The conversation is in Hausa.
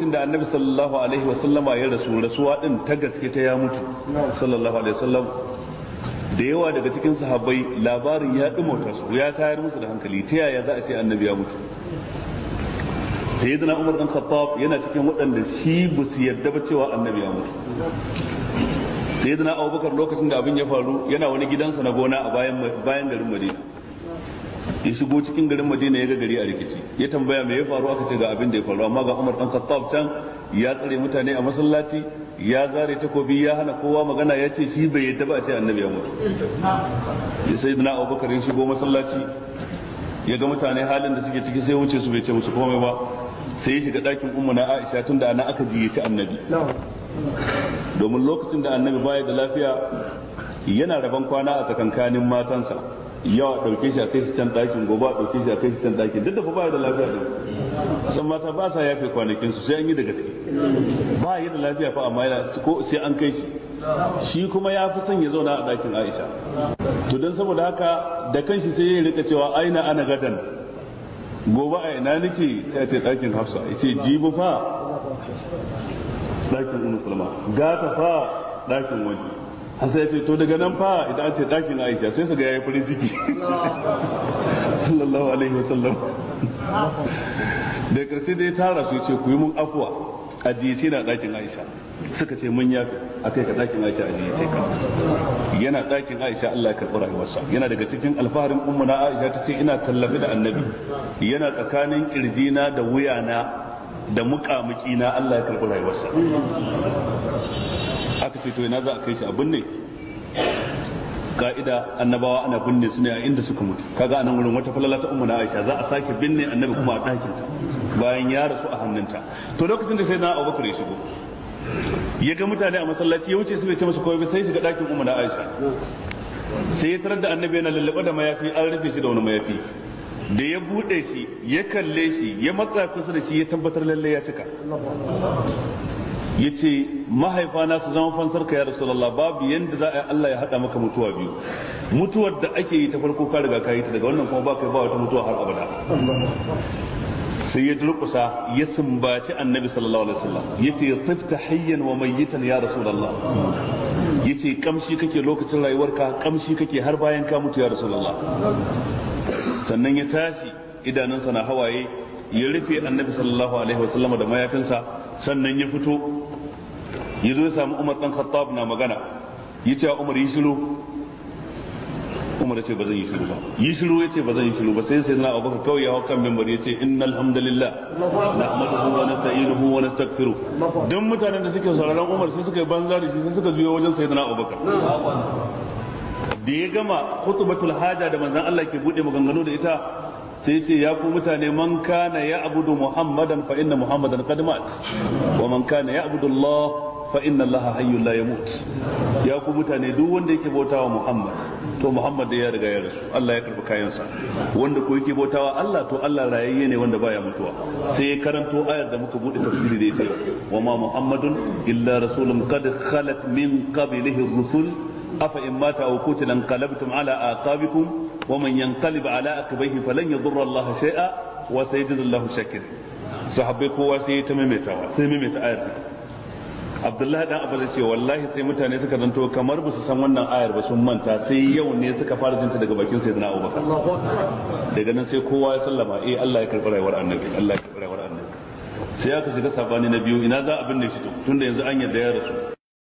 lokacin da annabi sallallahu alaihi wasallama ya rasu rasuwa din ta gaske ta ya mutu sallallahu alaihi wasallam da yawa daga cikin sahabbai labarin ya ta su ya tayar musu da hankali ta yaya za a ce annabi ya mutu sayyidina umar dan khattab yana cikin waɗanda shi ba su yarda ba cewa annabi ya mutu sayyidina abubakar lokacin da abin ya faru yana wani gidansa na gona a bayan bayan garin madina ya shigo cikin garin madina ya ga gari a rikici ya tambaya me ya faru aka ce ga abin da ya faru amma ga umar dan khattab can ya tsare mutane a masallaci ya zare takobi ya hana kowa magana ya ce shi bai yadda ba a ce annabi ya mutu ya sai na abubakar ya shigo masallaci ya ga mutane halin da suke ciki sai wuce su bai ce musu komai ba sai ya shiga ɗakin umma na aisha tun da ana aka ziyarci annabi domin lokacin da annabi baya da lafiya yana rabon kwana a tsakankanin matansa yau a ɗauke shi a kai shi can ɗakin gobe a ɗauke shi a kai shi can ɗakin duk da fa ba da lafiya ɗin san mata ba sa yafe kwanakin su sai an yi da gaske ba yi da lafiya fa amma yana ko sai an kai shi shi kuma ya fi son ya zauna a ɗakin Aisha to don saboda haka da kanshi sai ya rika cewa aina ana gadan gobe a ina nake sai a ce ɗakin Hafsa yace jibu fa ɗakin unu Salma gata fa ɗakin waje sai ce to daga nan fa idan an ce daki na aisha sai su ga yayi farin ciki sallallahu alaihi wa sallam da karshe dai tara su ce ku yi mun afuwa a jiyace na dakin aisha suka ce mun yafi kai ka dakin aisha a jiyace ka yana dakin aisha Allah ya karɓi rayuwarsa yana daga cikin alfaharin ummu na aisha ta ce ina tallafi da annabi yana tsakanin kirjina da wuyana da muƙamuƙi na Allah ya karɓi rayuwarsa aka ce to ina za a kai shi a binne ka'ida annabawa ana binne su ne a inda suka mutu kaga anan wurin wata falala ta umma na Aisha za a sake binne annabi kuma a ɗakin ta bayan ya rasu a hannunta to lokacin da sai na Bakar ya shigo ya ga mutane a masallaci ya wuce su bai ce masa komai sai shiga ɗakin umma na Aisha sai ya tarar da annabi yana lallaba da mayafi an rufe shi da wani mayafi da ya buɗe shi ya kalle shi ya matsa kusa da shi ya tabbatar lalle ya cika ya ce mahaifana su zama fansar ka ya rasulallah babu yadda za a yi Allah ya haɗa maka mutuwa biyu mutuwar da ake yi ta farko ka riga ka yi ta daga wannan kuma ba kai ba wata mutuwa har abada sai ya durƙusa ya sumbaci annabi sallallahu alaihi wasallam ya ce tifta hayyan wa mayyitan ya rasulallah ya ce kamshi kake lokacin rayuwarka kamshi kake har bayan ka mutu ya rasulallah sannan ya tashi idanunsa na hawaye ya rufe annabi sallallahu alaihi wasallama da mayafinsa sannan ya fito ya zo ya samu umar ɗan khattab na magana ya ce umar yi shiru umar ya ce ba zan yi shiru ba yi shiru ya ce ba zan yi shiru ba sai sai na abu kawai ya hau kan mimbar ya ce innal na nahmaduhu wa nasta'inuhu wa nastaghfiruh dan mutanen da suke sauraron umar sai suka yi banza da shi sai suka juyo wajen sayyidina abubakar da ya gama khutbatul haja da manzon Allah ke bude maganganu da ita sai ce ya ku mutane man kana ya abudu muhammadan fa inna muhammadan qad mat wa man kana ya abudu Allah fa inna Allah la yamut ya ku mutane duk wanda yake bautawa muhammad to muhammad ya riga ya rasu Allah ya karbi kayansa wanda ko yake bautawa Allah to Allah rayayye ne wanda baya mutuwa sai ya karanto ayar da muka bude tafsiri da yace wa ma muhammadun illa rasulun qad khalat min qablihi rusul afa in mata aw qutila qalabtum ala aqabikum wa man yanqalib ala aqibaihi falan yadurra Allah shay'a wa sayajidu Allah shakir sahabbai kowa sai ta maimaitawa sai maimaita ayar ta. Abdullahi dan Abbas ce wallahi sai mutane suka zanto kamar ba su san wannan ayar ba sun manta sai yau ne suka fara jinta daga bakin Sayyidina Bakar. daga nan sai kowa ya sallama eh Allah ya karbi rayuwar annabi Allah ya karbi rayuwar annabi sai aka shiga sabani na biyu ina za a binne shi tunda yanzu an yarda ya rasu